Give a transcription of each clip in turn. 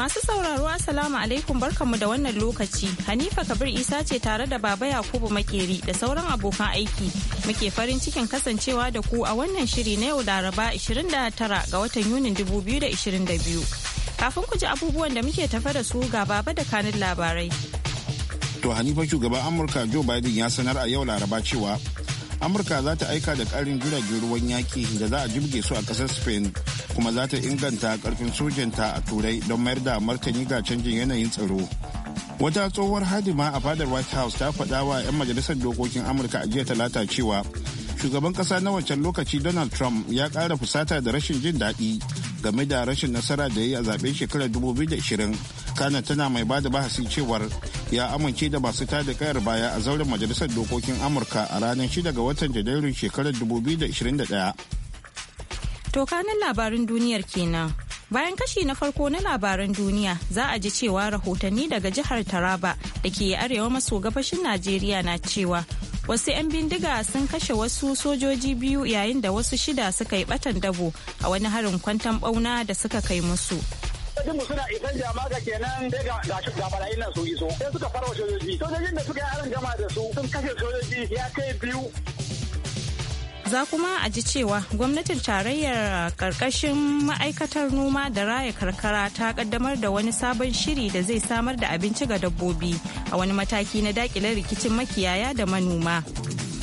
Masu sauraro Assalamu alaikum barkanmu da wannan lokaci. Hanifa Kabir Isa ce tare da Baba Yakubu Makeri da sauran abokan aiki. Muke farin cikin kasancewa da ku a wannan shiri na yau Laraba 29 ga watan Yunin 2022. Kafin ku ji abubuwan da muke tafa da su ga Baba da kanin labarai. To Hanifa shugaban Amurka Joe Biden ya sanar a yau Laraba cewa Amurka za ta aika da ƙarin jiragen ruwan yaki da za a jirge su a ƙasar Spain kuma za ta inganta karfin sojanta a turai don mayar da martani ga canjin yanayin tsaro wata tsohuwar hadima a fadar white house ta faɗa wa 'yan majalisar dokokin amurka a jiya talata cewa shugaban ƙasa na wancan lokaci donald trump ya kara fusata da rashin jin daɗi game da rashin nasara da ya yi a zaben shekarar 2020 kana tana mai ba da bahasi cewar ya amince da masu tada kayar baya a zauren majalisar dokokin amurka a ranar 6 ga watan janairun shekarar 2021 To kanan labarin duniyar kenan. Bayan kashi na farko na labaran duniya za a ji cewa rahotanni daga jihar Taraba da ke arewa maso gabashin Najeriya na cewa wasu 'yan bindiga sun kashe wasu sojoji biyu yayin da wasu shida suka yi batan dabo a wani harin kwantan bauna da suka kai musu. sojojinmu suna isan jama'a kenan dai ga gashi ga barayin nan su iso sai suka farwa sojoji sojojin da suka yi harin jama'a da su sun kashe sojoji ya kai biyu za kuma a ji cewa gwamnatin tarayyar karkashin ma'aikatar noma da raya karkara ta kaddamar da wani sabon shiri da zai samar da abinci ga dabbobi a wani mataki na dakile rikicin makiyaya da manoma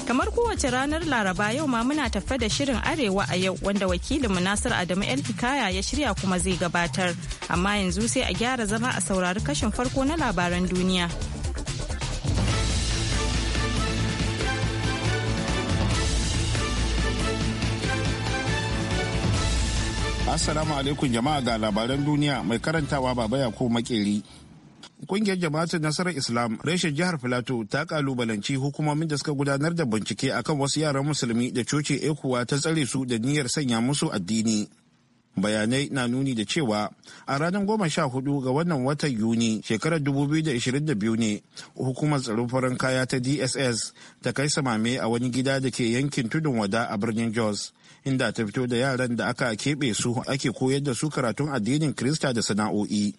kamar kowace ranar laraba yau ma muna tafe da shirin arewa a yau wanda wakilin nasir adamu elfikaya ya shirya kuma zai gabatar amma yanzu sai a gyara zama a saurari kashin farko na labaran duniya. Assalamu alaikum jama'a ga labaran duniya mai karantawa baba ya ko makeri. Kungiyar jama'atin nasarar Islam reshen jihar Filato ta kalubalanci hukumomin da suka gudanar da bincike akan wasu yaran musulmi da coci ekuwa ta tsare su da niyyar sanya musu addini. Bayanai na nuni da cewa a ranar goma sha hudu ga wannan watan Yuni shekarar 2022 ne hukumar tsaron farin kaya ta DSS ta kai samame a wani gida da ke yankin tudun wada a birnin Jos. inda ta fito da yaran da aka keɓe su ake koyar da su karatun addinin Kirista da sana'o'i.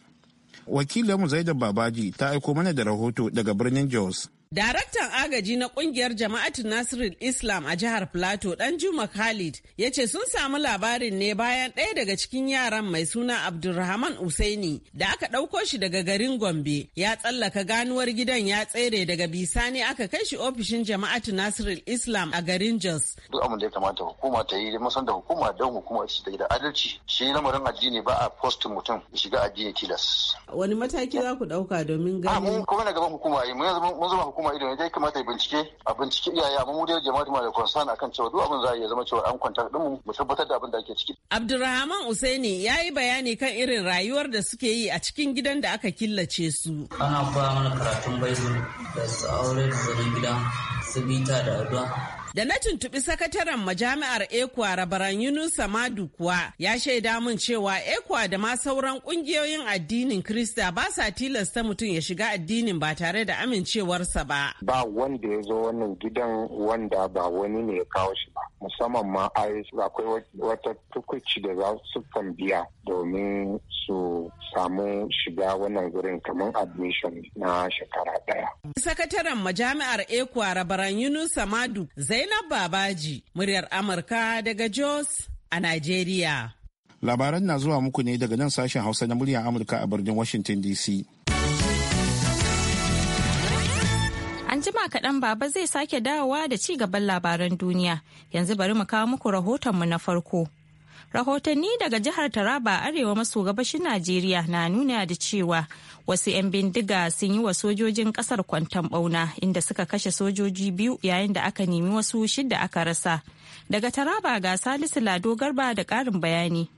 Wakilinmu Zaidan Babaji ta aiko mana da rahoto daga birnin Jos. Daraktan agaji na kungiyar jama'atu Nasirul Islam a jihar Plateau dan Juma Khalid ya ce sun samu labarin ne bayan ɗaya daga cikin yaran mai suna Abdulrahman Usaini da aka ɗauko shi daga garin Gombe ya tsallaka ganuwar gidan ya tsere daga bisani aka kai shi ofishin jama'atu Nasirul Islam a garin Jos. Duk abin da ya kamata hukuma ta yi da masan da hukuma don hukuma ta da adalci shi ne lamarin addini ba a postin mutum ya shiga addini tilas. Wani mataki za ku ɗauka domin ah, ganin? Mun kuma na gaban hukuma mun zama hukuma ido ne dai kamata ya bincike a bincike iyaye amma mu dai jama'a da concern akan cewa duk abin za ya zama cewa an kwanta din mu mu tabbatar da abin da ake ciki Abdulrahman Usaini ya yi bayani kan irin rayuwar da suke yi a cikin gidan da aka killace su ana koya mana karatun baibul da su aure da gidan su bita da addu'a Da na tuntuɓi sakataren majami'ar Ekwa rabaran Yunus Samadu kuwa ya shaida min cewa Ekwa da ma sauran ƙungiyoyin addinin Krista ba sa tilasta mutum ya shiga addinin ba tare da amincewarsa ba. Ba wanda ya zo wannan gidan wanda ba wani ne ya kawo shi ba. Musamman ma akwai wata tukuci da za su tambiya domin su samu shiga wannan gurin kamar admission na shekara ɗaya. Sakataren majami'ar Ekwa rabaran Yunus Samadu zai Zainab Babaji, muryar Amurka daga Jos a Najeriya. Labaran na zuwa muku ne daga nan sashen Hausa na muryar Amurka a birnin Washington DC. An jima kaɗan baba zai sake dawowa da ci gaban labaran duniya. Yanzu bari mu kawo muku rahoton mu na farko. rahotanni daga jihar taraba arewa maso gabashin najeriya na nuna da cewa wasu 'yan bindiga sun yi wa sojojin kasar kwantan bauna inda suka kashe sojoji biyu yayin da aka nemi wasu shidda aka rasa daga taraba ga salisu lado garba da karin bayani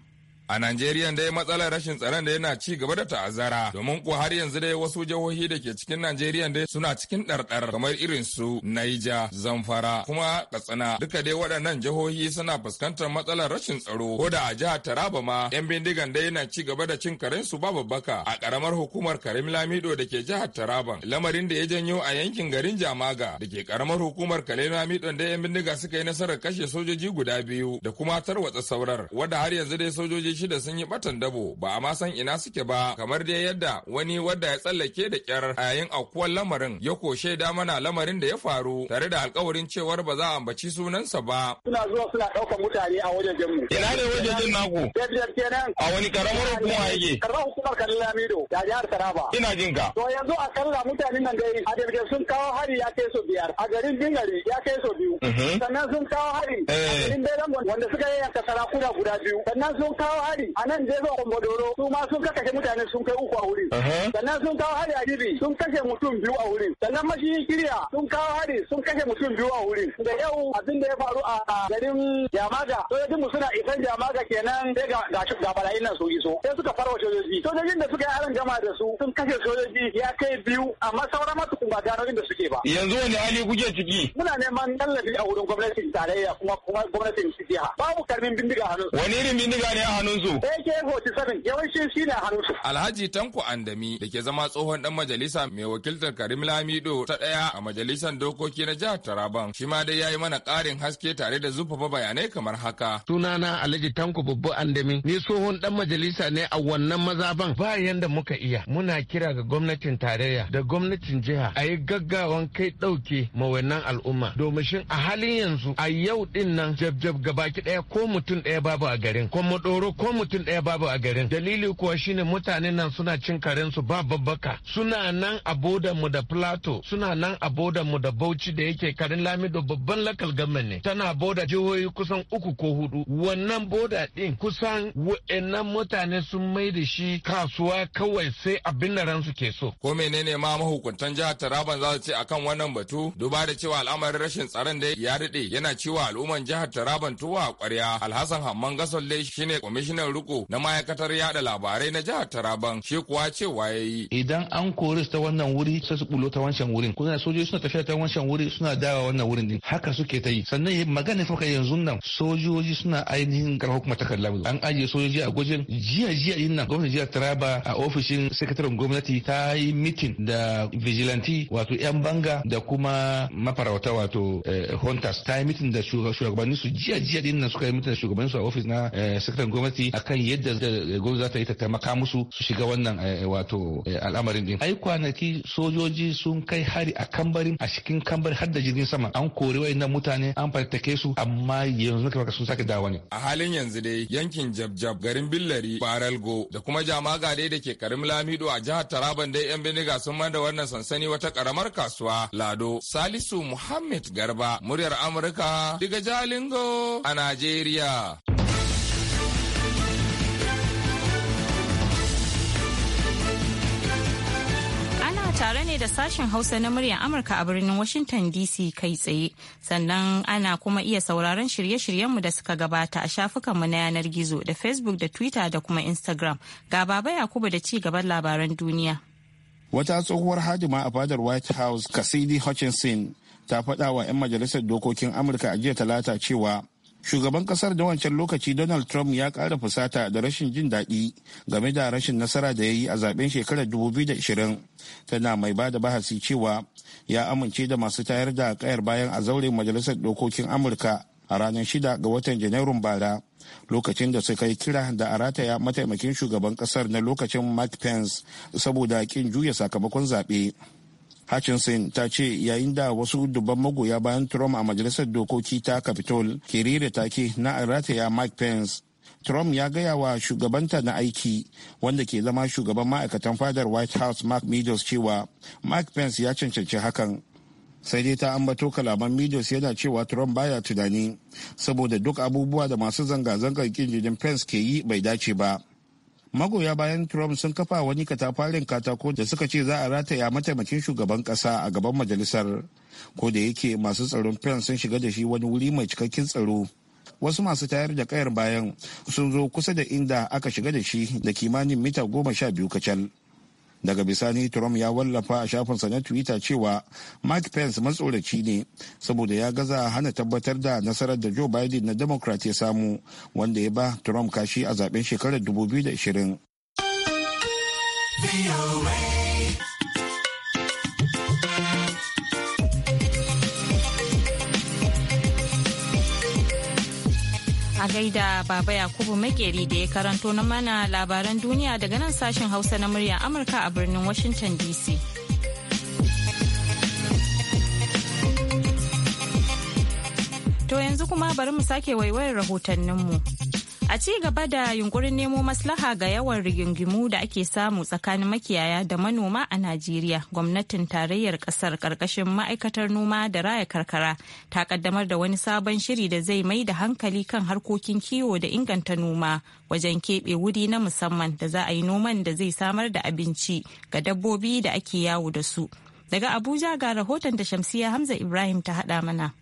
A Najeriya dai matsalar rashin tsaron da yana ci gaba da ta'azzara domin ko har yanzu dai wasu jihohi da ke cikin Najeriya dai suna cikin ɗarɗar kamar irin su Naija, Zamfara, kuma Katsina. Duka dai waɗannan jihohi suna fuskantar matsalar rashin tsaro ko da a jihar Taraba ma 'yan bindigan dai yana ci gaba da cin karen su babu baka a karamar hukumar Karim Lamido da ke jihar Taraban. Lamarin da ya janyo a yankin garin Jamaga da ke karamar hukumar Karim Lamido da 'yan bindiga suka yi nasarar kashe sojoji guda biyu da kuma tarwatsa saurar. Wanda har yanzu dai sojoji shida sun yi batan dabo ba a ma san ina suke ba kamar dai yadda wani wadda ya tsallake da kyar a yayin aukuwar lamarin ya koshe da mana lamarin da ya faru tare da alkawarin cewar ba za a ambaci sunansa ba. Suna zuwa suna ɗaukar mutane a wajen mu. Ina ne wajen jin naku? Jajjar kenan. A wani karamar hukuma yake? Karamar hukumar kan Lamido da jihar Taraba. Ina jin ka. To yanzu a kalla mutanen nan dai a jirgin sun kawo hari ya kai so biyar a garin Bingari ya kai so biyu. Mhm. Sannan sun kawo hari a eh. garin Belangon wanda suka yayyanka sarakuna guda biyu. Sannan sun kawo hari a nan je jefan Komodoro su ma sun kakashe mutane sun kai uku a wurin. Sannan sun kawo hari a Gibi sun kashe mutum biyu a wurin. Sannan mashiyin Kiriya sun kawo hari sun kashe mutum biyu a wurin. Da yau abin da ya faru a garin Yamaga mu suna isan Yamaga kenan sai ga ga bala'in nan su iso. Sai suka farwa sojoji. Sojojin da suka yi aron gama da su sun kashe sojoji ya kai biyu amma sauran masu kuma gano inda suke ba. Yanzu wani hali kuke ciki? Muna neman tallafi a wurin gwamnatin tarayya kuma gwamnatin jiha. Babu karmin bindiga a hannun. Wani irin bindiga ne a hannun Danzo. AK-47 yawancin shi ne hannunsu. Alhaji Tanko Andami da ke zama tsohon ɗan majalisa mai wakiltar Karim Lamido ta ɗaya a majalisar dokoki na jihar Taraban. Shi ma dai ya yi mana ƙarin haske tare da zuffafa bayanai kamar haka. Sunana Alhaji Tanko Babba Andami ni tsohon ɗan majalisa ne a wannan maza ban. ba yanda muka iya. Muna kira ga gwamnatin tarayya da gwamnatin jiha a yi gaggawan kai ɗauke ma al'umma. Domin shin a halin yanzu a yau ɗin nan jab-jab gabaki ɗaya ko mutum ɗaya babu a garin. Kuma ɗoro ko kuma mutum ɗaya babu a garin dalili kuwa shine mutanen nan suna cin karensu ba babbaka suna nan a mu da plato suna nan a mu da bauchi da yake karin lamido babban lakal gamman ne tana boda jihohi kusan uku ko hudu wannan boda din kusan wa'annan mutane sun mai da shi kasuwa kawai sai abin da ransu ke so ko menene ma mahukuntan jihar taraban za su ce akan wannan batu duba da cewa al'amarin rashin tsaron da ya daɗe yana cewa al'umman jihar taraban tuwa a alhasan alhassan hamman gasolle shine kwamishin kwamishinan riko na ma'aikatar yada labarai na jihar Taraban shi kuwa cewa ya yi. Idan an kori ta wannan wuri sai su bulo ta wancan wurin. Kuna sojoji suna tafiya ta wancan wuri suna dawa wannan wurin din. Haka suke ta yi. Sannan magana fa yanzu nan sojoji suna ainihin karfa kuma takarda. An ajiye sojoji a gojin jiya jiya din nan gwamnati jihar Taraba a ofishin sakataren gwamnati ta yi mitin da vigilante wato 'yan banga da kuma mafarauta wato eh, hunters ta yi mitin da su jiya jiya din nan suka yi mitin da su a ofis na eh, sakataren gwamnati akan yadda gwamnati za ta yi ta taimaka musu su shiga wannan eh, eh, wato eh, al'amarin din ai kwanaki sojoji sun kai hari a kambarin a cikin kambarin har da jirgin sama an kori wayannan mutane an fartake su amma yanzu kamar sun sake dawo ne a halin yanzu dai yankin jabjab garin billari baralgo da kuma jama'a dai da ke karim lamido a jihar taraban dai yan bindiga sun manda wannan sansani wata karamar kasuwa lado salisu muhammad garba muryar amurka diga jalingo a najeriya tare ne da sashen Hausa na muryar Amurka a birnin Washington DC kai tsaye. Sannan ana kuma iya sauraron shirye-shiryenmu da suka gabata a shafukanmu na yanar gizo da Facebook da Twitter da kuma Instagram. Ga baba Yakubu da ci gaban labaran duniya. Wata tsohuwar hajima a fadar White House Cassidy Hutchinson ta faɗa wa 'yan majalisar dokokin Amurka a jiya talata cewa shugaban kasar da wancan lokaci donald trump ya kara fusata da rashin jin daɗi game da rashin nasara da ya yi a zaben shekarar 2020 tana mai ba da bahasi cewa ya amince da masu tayar da kayar bayan a zaure majalisar dokokin amurka a ranar 6 ga watan janairun bara lokacin da suka yi kira da a rataya mataimakin shugaban kasar na lokacin mike pence saboda kin juya sakamakon zaɓe. Hutchinson ta ce yayin da wasu dubban magoya bayan Trump a majalisar dokoki ta Capitol ke rera take na rataya Mike Pence. Trump ya gaya wa shugabanta na aiki wanda ke zama shugaban ma'aikatan fadar White House Mark Meadows cewa Mike Pence ya cancanci hakan. sai dai ta ambato kalaman meadows yana cewa trump baya tunani saboda duk abubuwa da masu zanga-zangar kin Pence ke yi bai dace ba magoya bayan trump sun kafa wani katafaren katako da suka ce za a rataya mataimakin shugaban kasa a gaban majalisar ko da yake masu tsaron pence sun shiga da shi wani wuri mai cikakken tsaro wasu masu tayar da kayar bayan sun zo kusa da inda aka shiga da shi da kimanin mita goma sha biyu kacal daga bisani trump ya wallafa a shafinsa na twitter cewa mike pence matsoraci ne saboda ya gaza hana tabbatar da nasarar da joe biden na democrat ya samu wanda ya ba trump kashi a zaben shekarar 2020 gaida Baba Yakubu Makeri da ya karanto na mana labaran duniya daga nan sashen Hausa na murya Amurka a birnin Washington DC. To yanzu kuma bari mu sake waiwayar rahotanninmu. A ci gaba da yunkurin nemo maslaha ga yawan rigingimu da ake samu tsakanin makiyaya da manoma a Najeriya, gwamnatin tarayyar kasar karkashin ma'aikatar noma da raya karkara ta kaddamar da wani sabon shiri da zai mai da hankali kan harkokin kiwo da inganta noma wajen keɓe wuri na musamman da za a yi noman da zai samar da abinci ga dabbobi da ake yawo da su. Daga Abuja ga rahoton da Shamsiya Hamza Ibrahim ta haɗa mana.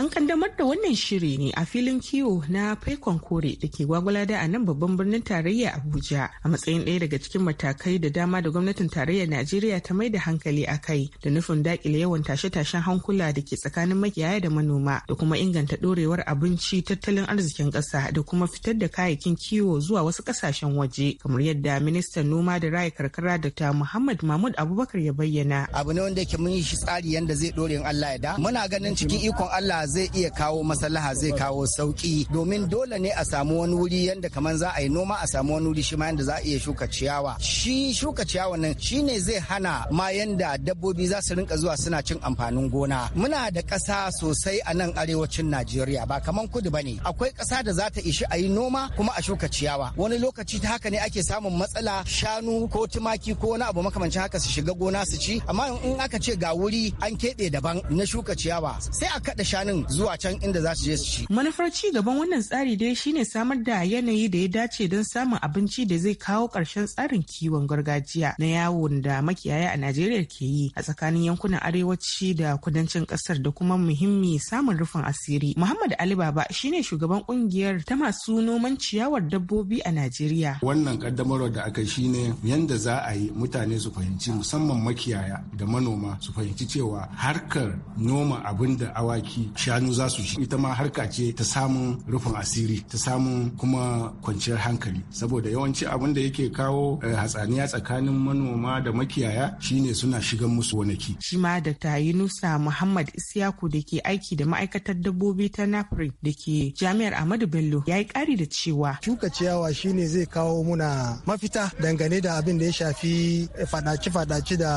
An kaddamar da wannan shiri ne a filin kiwo na Faikon Kore da ke gwagwalada a nan babban birnin tarayya Abuja a matsayin ɗaya daga cikin matakai da dama da gwamnatin tarayyar Najeriya ta mai da hankali a kai da nufin dakile yawan tashe-tashen hankula da ke tsakanin makiyaya da manoma da kuma inganta ɗorewar abinci tattalin arzikin ƙasa da kuma fitar da kayayyakin kiwo zuwa wasu ƙasashen waje kamar yadda ministan noma da raya karkara da ta Muhammad Mahmud Abubakar ya bayyana. Abu ne wanda yake mun yi shi tsari yanda zai ɗore in Allah ya da. Muna ganin cikin ikon Allah zai iya kawo masallaha zai kawo sauki domin dole ne a samu wani wuri yanda kamar za a yi noma a samu wani wuri shi ma yanda za a iya shuka ciyawa shi shuka ciyawa nan shi ne zai hana ma yanda dabbobi za su rinka zuwa suna cin amfanin gona muna da ƙasa sosai a nan arewacin Najeriya ba kaman kudu ba ne akwai ƙasa da za ta ishi a yi noma kuma a shuka ciyawa wani lokaci ta haka ne ake samun matsala shanu ko tumaki ko wani abu makamancin haka su shiga gona su ci amma in aka ce ga wuri an keɓe daban na shuka ciyawa sai a kaɗa shanun zuwa can inda za su je su ci. Manufar ci gaban wannan tsari dai shine samar da yanayi da ya dace don samun abinci da zai kawo ƙarshen tsarin kiwon gargajiya na yawon da makiyaya a Najeriya ke yi a tsakanin yankunan arewaci da kudancin ƙasar da kuma muhimmi samun rufin asiri. Muhammad Ali Baba shine shugaban ƙungiyar ta masu noman ciyawar dabbobi a Najeriya. Wannan kaddamarwar da aka shine yanda za a yi mutane su fahimci musamman makiyaya da manoma su fahimci cewa harkar noma abin da awaki shanu za su ita ma harka ce ta samun rufin asiri ta samun kuma kwanciyar hankali saboda yawanci abin da yake kawo eh, hatsaniya tsakanin manoma da makiyaya shine suna shigan musu wanaki shi ma dr yunusa muhammad isyaku da ke aiki da ma'aikatar dabbobi ta Nafri da ke jami'ar ahmadu bello ya yi kari da cewa shuka ciyawa shine zai kawo muna mafita dangane da abin da ya shafi fadaci-fadaci da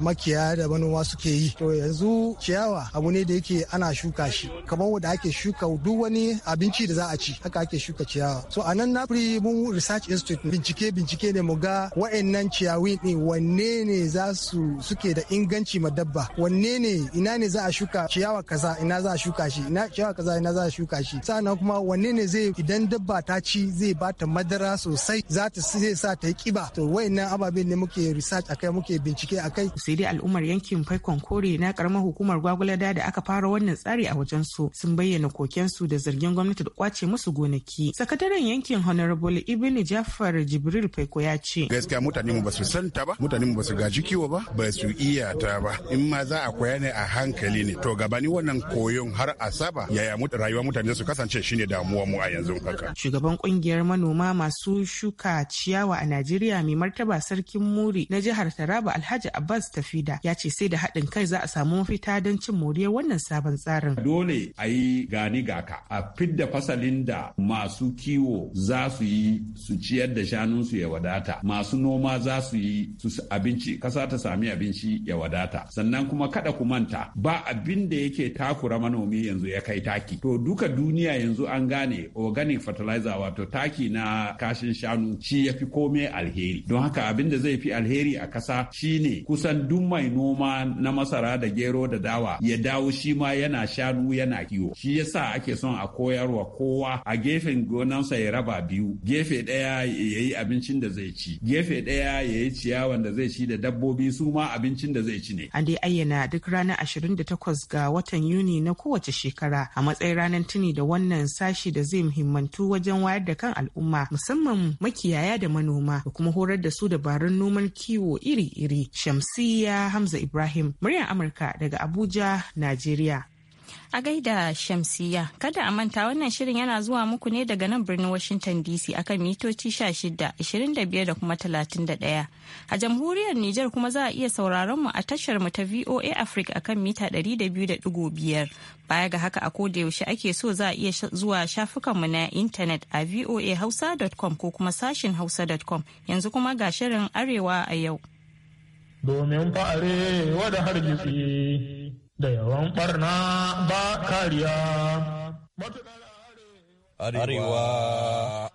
makiyaya da manoma suke yi to yanzu ciyawa abu ne da yake ana shuka shuka shi kamar wanda ake shuka duk wani abinci da za a ci haka ake shuka ciyawa so a nan na fri mun research institute bincike bincike ne mu ga wa'annan ciyawi ne wanne ne za su suke da inganci ma dabba wanne ne ina ne za a shuka ciyawa kaza ina za a shuka shi ina ciyawa kaza ina za a shuka shi sannan kuma wanne ne zai idan dabba ta ci zai bata madara sosai za ta zai sa ta yi kiba to wa'annan ababen ne muke research akai muke bincike akai sai dai al'ummar yankin faikon kore na karamar hukumar gwagwalada da aka fara wannan tsari a a wajensu sun bayyana kokensu da zargin gwamnati da kwace musu gonaki. Sakataren yankin Honorable Ibn Jafar Jibril Faiko ya ce. Gaskiya mutane mu ba su ba, mutane mu ba gaji kiwo ba, ba su iya ta ba. In ma za a koya ne a hankali ne. To gabani wannan koyon har asaba saba yaya rayuwa mutane su kasance shine damuwa mu a yanzu haka. Shugaban kungiyar manoma masu shuka ciyawa a Najeriya mai martaba sarkin Muri na jihar Taraba Alhaji Abbas Tafida ya ce sai da haɗin kai za a samu mafita don cin moriyar wannan sabon tsarin. dole a yi gani gaka a fidda fasalin da masu kiwo za su yi su ciyar da shanunsu ya wadata masu noma za su yi su abinci kasa ta sami abinci ya wadata sannan kuma kada ku manta ba abin da yake takura manomi yanzu ya kai taki to duka duniya yanzu an gane organic fertilizer wato taki na kashin shanu shi ya fi kome alheri don haka abin da zai fi alheri a kasa shine kusan duk mai noma na masara da gero da dawa ya dawo shi ma yana shanu shanu yana kiwo shi yasa ake son a koyarwa kowa a gefen gonansa ya raba biyu gefe ɗaya ya yi abincin da zai ci gefe ɗaya ya yi ciyawan da zai ci da dabbobi su ma abincin da zai ci ne an dai ayyana duk ranar takwas ga watan yuni na kowace shekara a matsayin ranar tuni da wannan sashi da zai muhimmantu wajen wayar da kan al'umma musamman makiyaya da manoma da kuma horar da su dabarun noman kiwo iri-iri shamsiya hamza ibrahim muryar amurka daga abuja najeriya A gaida Shamsiya, kada a manta wannan shirin yana zuwa muku ne daga nan birnin Washington DC akan mitoci 16, 25 da kuma 31. A jamhuriyar Nijar kuma za a iya sauraron mu a tashar mu ta VOA Africa akan mita 200.5. Baya ga haka a koda yaushe ake so za a iya zuwa shafukan mu na intanet a voahausa.com ko kuma sashin hausa.com. Yanzu kuma ga shirin Arewa a yau. Domin fa'are da da yawan barna ba kariya. Arewa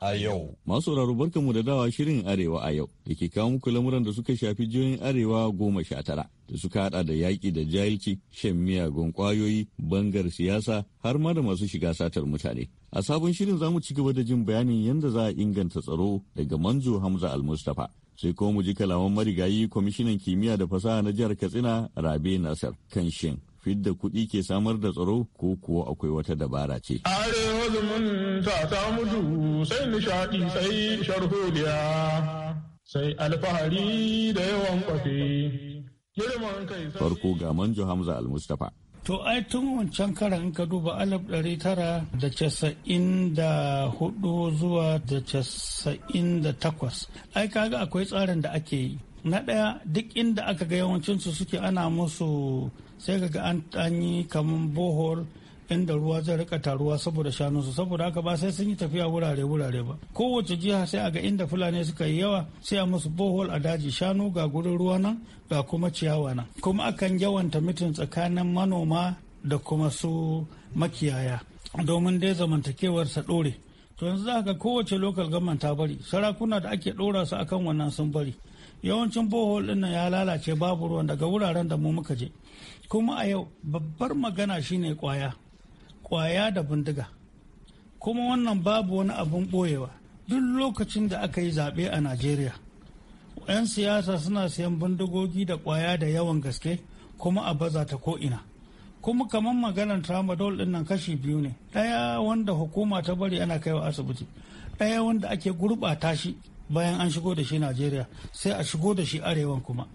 a yau. Masu barka mu da dawa shirin Arewa a yau da ke kawo muku lamuran da suka shafi jihohin Arewa goma sha tara da suka hada da yaƙi da jayilci shan miyagun ƙwayoyi, bangar siyasa har ma da masu shiga satar mutane. A sabon shirin za mu ci gaba da jin bayanin yadda za a inganta tsaro daga Manzo Hamza Al-Mustapha. sai kuma mu ji kalaman marigayi kwamishinan kimiyya da fasaha na jihar katsina rabe nasar kan shin fidda kuɗi ke samar da tsaro ko kuwa akwai wata dabara ce. Arewa zumunta ta mutu sai nishaɗi sai sharholiya sai alfahari da yawan kwafe. Farko ga Manjo Hamza Al-Mustapha. To ai tun wancan karan ka duba alif ɗari tara da casa'in da hudu zuwa da casa'in da takwas. Ai kaga akwai tsarin da ake yi. Na ɗaya duk inda aka ga yawancinsu suke ana musu sai kaga an an yi kaman bohol inda ruwa zai rika taruwa saboda shanunsu saboda haka ba sai sun yi tafiya wurare wurare ba kowace jiha sai a ga inda fulani suka yi yawa sai a musu bohol a daji shanu ga gurin ruwa nan ga kuma ciyawa nan kuma akan yawanta mitin tsakanin manoma da kuma su makiyaya domin dai zamantakewar sa dore to yanzu za ka kowace lokal gaman ta bari sarakuna da ake dora su akan wannan sun bari yawancin bohol din nan ya lalace babu ruwan daga wuraren da mu muka je kuma a yau babbar magana shine kwaya kwaya da bindiga kuma wannan babu wani abun boyewa duk lokacin da aka yi zaɓe a najeriya 'yan siyasa suna siyan bindigogi da kwaya da yawan gaske kuma a baza ta ko'ina kuma kamar maganar tramadol din nan kashi biyu ne ɗaya wanda hukuma ta bari ana kaiwa asibiti ɗaya wanda ake gurɓata shi bayan an shigo da shi najeriya sai a shigo da shi arewan kuma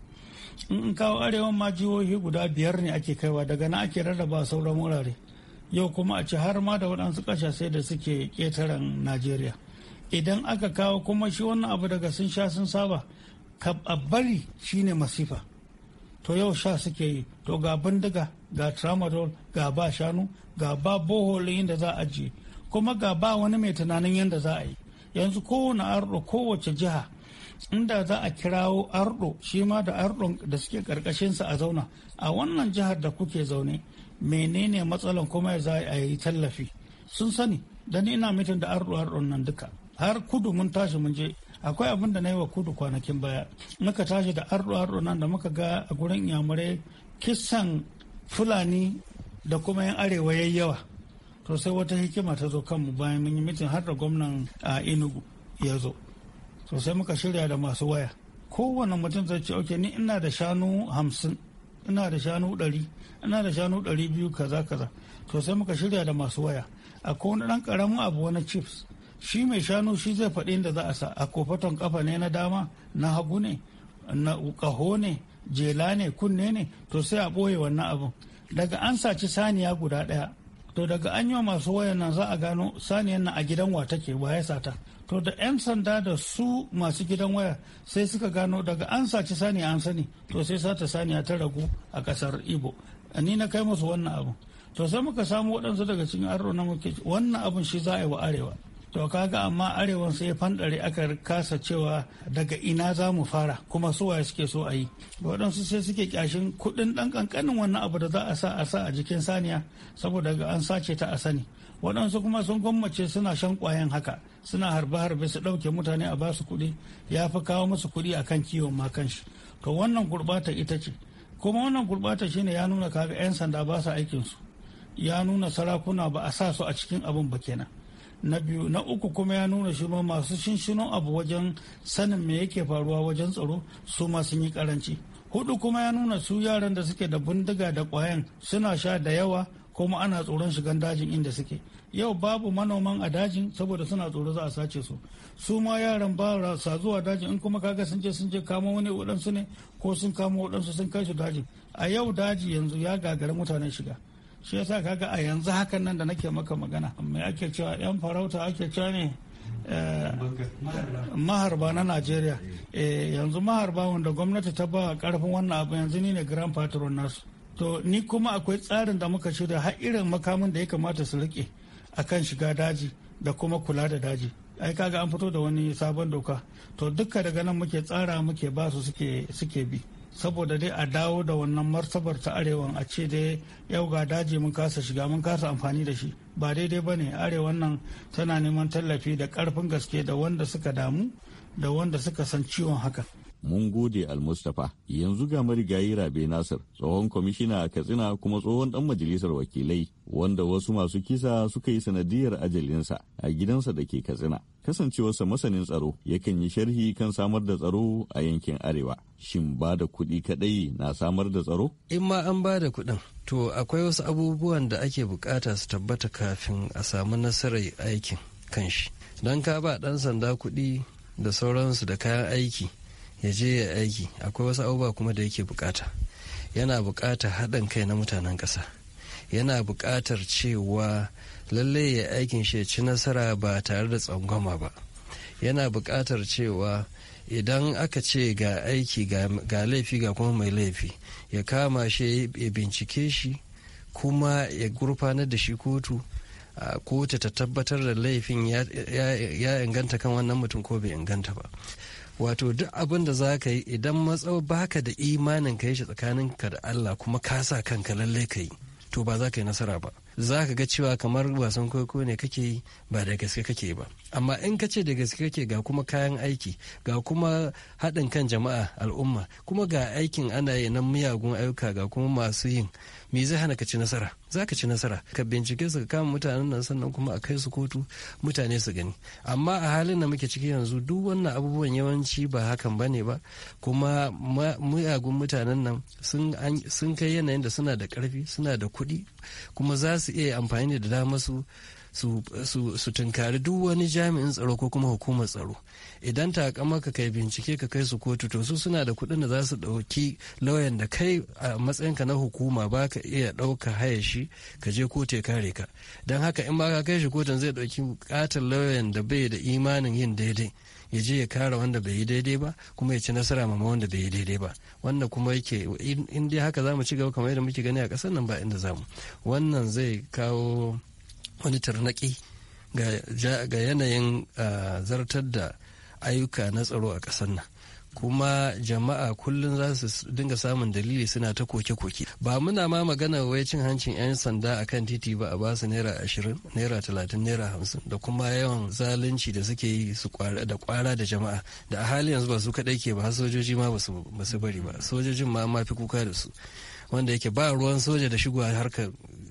in kawo arewan ma jihohi guda biyar ne ake kaiwa daga na ake rarraba sauran wurare yau kuma a ci har ma da waɗansu ƙasashe da suke ƙetaren najeriya idan aka kawo kuma shi wannan abu daga sun sha sun saba ka bari shine masifa to yau sha suke yi to ga bindiga ga tramadol ga ba shanu ga ba boholin yadda za a ajiye kuma ga ba wani mai tunanin yadda za a yi yanzu kowane ardo kowace jiha inda za a kirawo ardo shi ma da arɗon da suke ƙarƙashinsa a zauna a wannan jihar da kuke zaune menene matsalan kuma za a yi tallafi sun sani da ni ina mitin da ardo arɗon nan duka har kudu mun tashi mun je akwai abin da na yi wa kudu kwanakin baya muka tashi da ardo ardo nan da muka ga a gurin iyamurai kisan fulani da kuma yan arewa yayi yawa to sai wata hikima ta zo kanmu bayan mun yi mitin har da gwamnan a inugu ya zo to sai muka shirya da masu waya kowane mutum zai ce ok ni ina da shanu hamsin ina da shanu ɗari ina da shanu ɗari biyu kaza kaza to muka shirya da masu waya akwai wani ɗan ƙaramin abu wani chips shi mai shanu shi zai faɗi inda za a sa a kofaton kafa ne na dama na hagu ne na ƙaho ne jela ne kunne ne to sai a ɓoye wannan abun daga an saci saniya guda ɗaya to daga an yi masu wayan na za a gano saniyan nan a gidan wa take ya sata to da 'yan sanda da su masu gidan waya sai suka gano daga an saci saniya an sani to sai sata saniya ta ragu a kasar ibo ni na kai musu wannan abu to sai muka samu waɗansu daga cikin arro na muke wannan abun shi za a yi wa arewa to kaga amma arewan sai fanɗare aka kasa cewa daga ina za mu fara kuma su waye suke so a yi waɗansu sai suke kyashin kuɗin ɗan ƙanƙanin wannan abu da za a sa a sa a jikin saniya saboda ga an sace ta a sani waɗansu kuma sun gwammace suna shan ƙwayan haka suna harbe-harbe su ɗauke mutane a basu kuɗi ya fi kawo musu kuɗi a kan kiwon ma kanshi to wannan gurɓata ita ce kuma wannan gurɓata shine ya nuna kaga 'yan sanda ba su aikinsu ya nuna sarakuna ba a sa su a cikin abin ba kenan na biyu na uku kuma ya nuna shi masu shinshinon abu wajen sanin me yake faruwa wajen tsaro su ma sun yi karanci hudu kuma ya nuna su yaran da suke da bindiga da kwayan suna sha da yawa kuma ana tsoron shigan dajin inda suke yau babu manoman a dajin saboda suna tsoro za a sace su su ma yaran ba sa zuwa dajin in kuma kaga sun je sun je kamo wani waɗansu ne ko sun kamo wadansu sun kai su dajin a yau daji yanzu ya gagarin mutanen shiga shi yasa kaga a yanzu hakan nan da nake maka magana mai ake cewa yan farauta ake cewa ne eh, maharba na najeriya eh, yanzu maharba wanda gwamnati ta ba karfin wannan abu yanzu ni ne grand patron nasu to ni kuma akwai tsarin da muka shirya har irin makamin da ya kamata su rike akan shiga daji da kuma kula da daji ai kaga an fito da wani sabon doka to dukka daga nan muke tsara muke ba su suke bi saboda dai a dawo da wannan martabar ta arewan a ce dai yau ga daji mun kasa shiga mun kasa amfani da shi ba daidai ba ne arewan nan tana neman tallafi da karfin gaske da wanda suka damu da wanda suka san ciwon haka mun gode almustapha yanzu ga marigayi rabe nasir tsohon kwamishina a katsina kuma tsohon dan majalisar wakilai wanda wasu masu kisa suka yi sanadiyar ajalinsa a gidansa da ke katsina kasancewarsa masanin tsaro yakan yi sharhi kan samar da tsaro a yankin arewa shin ba da kuɗi kaɗai na samar da tsaro in ma an ba da kuɗin to akwai wasu abubuwan da ake bukata su tabbata kafin a samu nasarar aikin kan shi don ka ba ɗan sanda kuɗi da sauransu da kayan aiki ya je ya aiki akwai wasu abubuwa kuma da yake bukata yana bukatar haɗin kai na mutanen ƙasa yana bukatar cewa lallai ya aikin shi ci nasara ba tare da tsangwama ba yana bukatar cewa idan aka ce ga aiki ga laifi ga kuma mai laifi ya kama shi ya bincike shi kuma ya gurfanar da shi kotu a kotu ta tabbatar da laifin ya inganta kan wannan mutum ko bai inganta ba wato duk abin da za ka yi idan ba baka da imanin ka yi shi ka da Allah kuma ka sa kanka lallai ka yi to ba za ka yi nasara ba za ka ga cewa kamar wasan kwaikwayo ne kake yi ba da gaske kake ba amma in ka ce da gaske kake ga kuma kayan aiki ga kuma haɗin kan jama'a al'umma kuma ga aikin ana yi na miyagun ayyuka ga kuma masu yin me zai hana ka ci nasara za ka ci nasara ka bincike su ka kama mutanen nan sannan kuma a kai su kotu mutane su gani amma a halin da muke ciki yanzu duk wannan abubuwan yawanci ba hakan bane ba kuma miyagun mutanen nan sun kai yanayin da suna da karfi suna da kuɗi kuma za su su iya amfani da dama su su tunkari duk wani jami'in tsaro ko kuma hukumar tsaro idan ta maka kai bincike ka kai su kotu to su suna da kuɗin da za su ɗauki lauyan da kai a matsayinka na hukuma ba ka iya ɗauka haya shi ka je kotu ya kare ka don haka in ba ka kai shi kotun zai ɗauki katin lauyan da bai da imanin yin daidai ya je ya kare wanda bai yi daidai ba kuma ya ci nasara ma wanda bai yi daidai ba wannan kuma yake in dai haka zamu ci gaba kamar yadda muke gani a ƙasar nan ba inda zamu wannan zai kawo wani tarnaki ga yanayin ah, zartar da ayyuka na tsaro a ƙasar nan kuma jama'a kullum za su dinga samun dalili suna ta koke-koke ba muna ma magana wai cin hancin 'yan sanda a kan titi ba a basu naira ashirin naira talatin naira hamsin da kuma yawan zalunci da suke yi su da kwara da jama'a da a halin yanzu ba su kaɗai ke ba sojoji ma ba su bari ba sojojin ma ma kuka da su wanda yake ba ruwan soja da shigowa harkar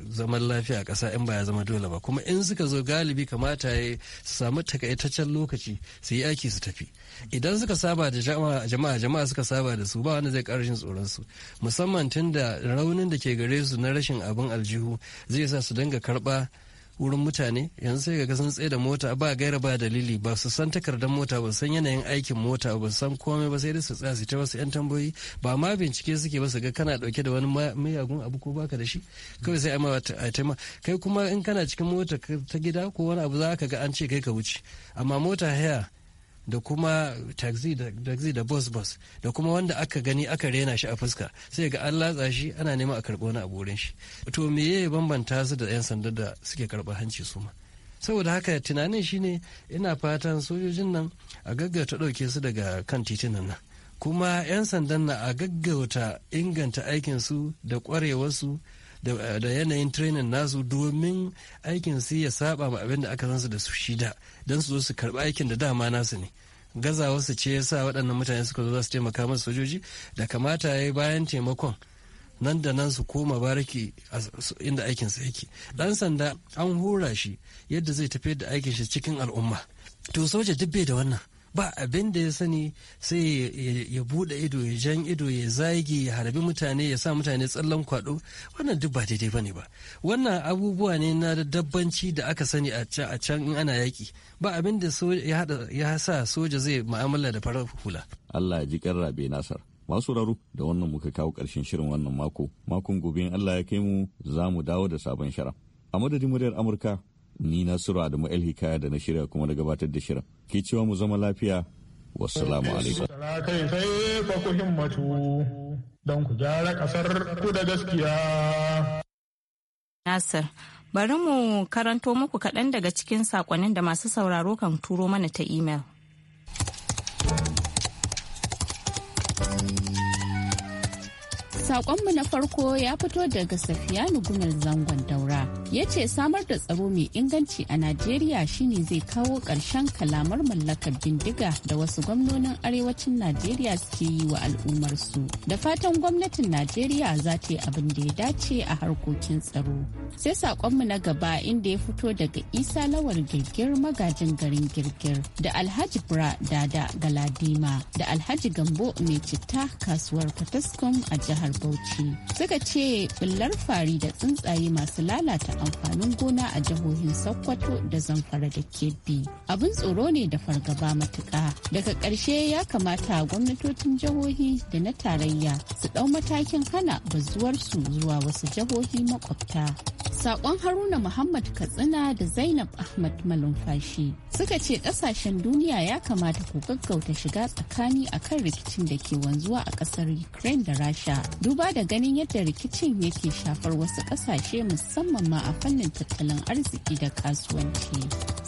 zaman lafiya a ƙasa in ba ya zama dole ba kuma in suka zo galibi kamata ya samu takaitaccen lokaci su yi aiki su tafi idan suka saba da jama'a jama'a suka saba da su ba wanda zai ƙara jin tsoron su musamman tun da raunin da ke gare su na rashin abin aljihu zai sa su dinga karɓa wurin mutane yanzu sai ga sun tsaye da mota ba gaira ba dalili ba su san takardar mota ba san yanayin aikin mota ba san komai ba sai dai su tsaya su ta wasu yan tambayoyi ba ma bincike suke ba su ga kana dauke da wani miyagun abu ko baka da shi kawai sai a taima kai kuma in kana cikin mota ta gida ko wani abu za ka ga an ce kai ka wuce amma mota haya da kuma taxi da, bus bus da kuma wanda aka gani aka rena shi a fuska sai ga an latsa shi ana neman a karɓo na a wurin shi to me ya bambanta su da 'yan sanda da suke karɓar hanci su ma saboda haka tunanin shi ne ina fatan sojojin nan a gaggauta ɗauke su daga kan titunan nan kuma 'yan sandan na a gaggauta inganta aikinsu da ƙwarewarsu da yanayin training nasu domin aikin su ya saba ma abin da aka san su da su shida don su zo su karbi aikin da dama nasu ne gazawa su ce yasa waɗannan mutane suka zo za su taimaka masu sojoji da kamata ya yi bayan taimakon nan da nan su koma baraki inda aikin su yake dan sanda an hura shi yadda zai tafiyar da aikin shi cikin al'umma to soja duk bai da wannan ba abin da ya sani sai ya buɗe ido ya jan ido ya zagi ya harbi mutane ya sa mutane tsallan kwaɗo. wannan duk ba daidai ba ne ba wannan abubuwa ne na dabbanci da aka sani a can in ana yaki ba abin da ya sa soja zai mu'amala da farar hula Allah ya ji karrabe Nasar masu raro da wannan muka kawo ƙarshen shirin wannan mako makon gobe in Allah ya kai mu za mu dawo da sabon shara a madadin muryar Amurka ni nasiru adamu el hikaya da na shirya kuma na gabatar da shirin ke cewa mu zama lafiya wassalamu alaikum kai sai fa ku himmatu don ku gyara kasar ku da gaskiya nasir bari mu karanto muku kaɗan daga cikin saƙonin da masu sauraro kan turo mana ta imel Sakonmu na farko ya fito daga Safiyanu Gumel Zangon Daura. Ya ce samar da tsaro mai inganci a Najeriya shine zai kawo ƙarshen kalamar mallakar bindiga da wasu gwamnonin arewacin Najeriya suke yi wa al'ummarsu. Da fatan gwamnatin Najeriya za ta yi abin da ya dace a harkokin tsaro. Sai sakonmu na gaba inda ya fito daga Isa Lawal Girgir magajin garin Girgir da Alhaji Bra Dada Galadima da Alhaji Gambo mai citta kasuwar Fataskun a jihar Bauchi suka ce bullar fari da tsuntsaye masu lalata amfanin gona a jihohin Sokoto da Zamfara da Kebbi. Abin tsoro ne da fargaba matuƙa. Daga ƙarshe ya kamata gwamnatocin jihohi da na tarayya su ɗau matakin hana bazuwar su zuwa wasu jihohi makwabta. saƙon Haruna Muhammad Katsina da Zainab Ahmad Malumfashi suka ce ƙasashen duniya ya kamata ku gaggauta shiga tsakani akan rikicin da ke wanzuwa a ƙasar Ukraine da Rasha duba da ganin yadda rikicin yake shafar wasu kasashe musamman ma a fannin tattalin arziki da kasuwanci.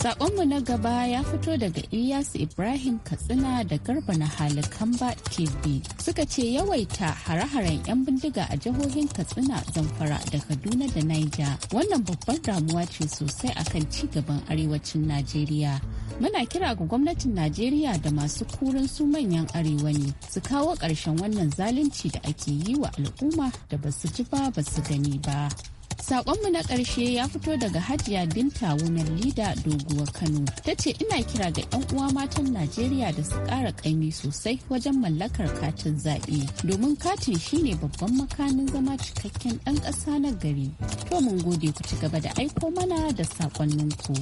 Saƙonmu na gaba ya fito daga iyas Ibrahim Katsina da Garba na Halikamba tv. suka ce yawaita hare-haren 'yan bindiga a jihohin Katsina, Zamfara da Kaduna da Niger. Wannan babban damuwa ce sosai kan ci gaban arewacin Najeriya. Muna kira ga gwamnatin Najeriya da masu kurin su manyan arewa ne su kawo ƙarshen wannan zalunci da ake yi wa wa al'umma da ba su ji ba ba su gani ba. Sakonmu na ƙarshe ya fito daga Hajiya Binta Wunar Lida doguwar Kano. Ta ce ina kira ga 'yan uwa matan Najeriya da su ƙara ƙaimi sosai wajen mallakar katin zaɓe. Domin katin shine babban makamin zama cikakken ɗan ƙasa na gari. To mun gode ku ci gaba da aiko mana da sakonninku.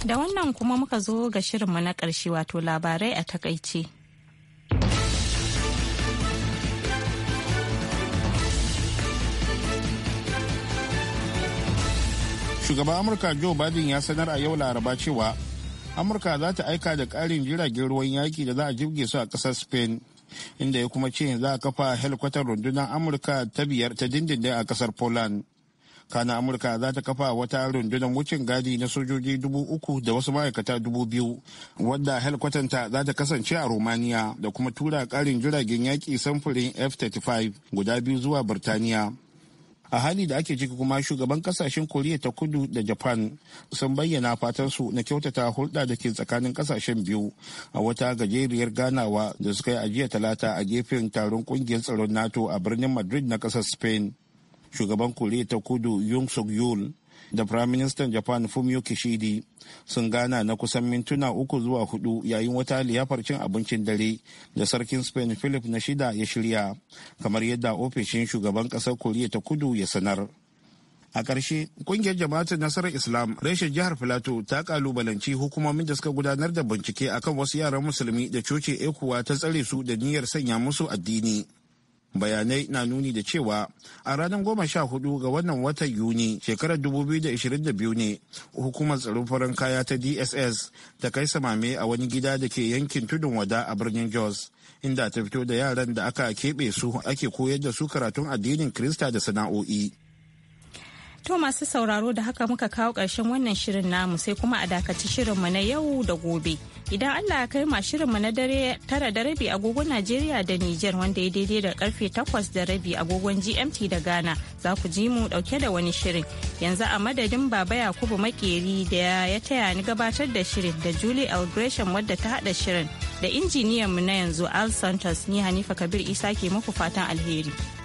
Da wannan kuma muka zo ga shirinmu na ƙarshe wato labarai a takaice. Shugaban Amurka Joe Biden ya sanar a yau laraba cewa Amurka za ta aika da ƙarin jiragen ruwan yaƙi da za a jirge su a ƙasar Spain. inda ya kuma ce za a kafa helikwatar rundunar amurka ta biyar ta dindindin a ƙasar poland kana amurka za ta kafa wata rundunar wucin gadi na sojoji dubu uku da wasu ma'aikata dubu biyu wadda helkwatanta za ta kasance a romania da kuma tura karin jiragen yaki samfurin f-35 guda biyu zuwa birtaniya a hali da ake ciki kuma shugaban kasashen koriya ta kudu da japan sun bayyana fatan su na kyautata hulɗa da ke tsakanin kasashen biyu a wata gajeriyar ganawa da suka yi a jiya talata a gefen taron kungiyar tsaron nato a birnin madrid na ƙasar spain shugaban koriya ta kudu yung suk yul da firaministan japan fumio kishidi sun gana na kusan mintuna uku zuwa hudu yayin wata liyafar cin abincin dare da sarkin spain philip na shida ya shirya kamar yadda ofishin shugaban kasar koriya ta kudu ya sanar a ƙarshe ƙungiyar jama'atar nasarar islam reshen jihar filato ta kalubalanci hukumomin da suka gudanar da bincike akan wasu yaran musulmi da coci ekuwa ta tsare su da niyyar sanya musu addini bayanai na nuni da cewa a ranar goma sha hudu ga wannan watan yuni shekarar 2022 ne hukumar tsaron farin kaya ta dss ta kai samame a wani gida da ke yankin tudun wada a birnin jos inda ta fito da yaran da aka keɓe su ake koyar da su karatun addinin krista da sana'o'i To masu sauraro da haka muka kawo ƙarshen wannan shirin namu sai kuma a dakaci shirinmu na yau da gobe. Idan Allah ya kai ma shirinmu na dare tara da rabi agogon Najeriya da Nijar wanda ya daidai da karfe takwas da rabi agogon GMT da Ghana za ku ji mu ɗauke da wani shirin. Yanzu a madadin Baba Yakubu Makeri da ya taya ni gabatar da shirin da Julie Algration wadda ta haɗa shirin da injiniyan mu na yanzu Al Santos ni Hanifa Kabir Isa ke muku fatan alheri.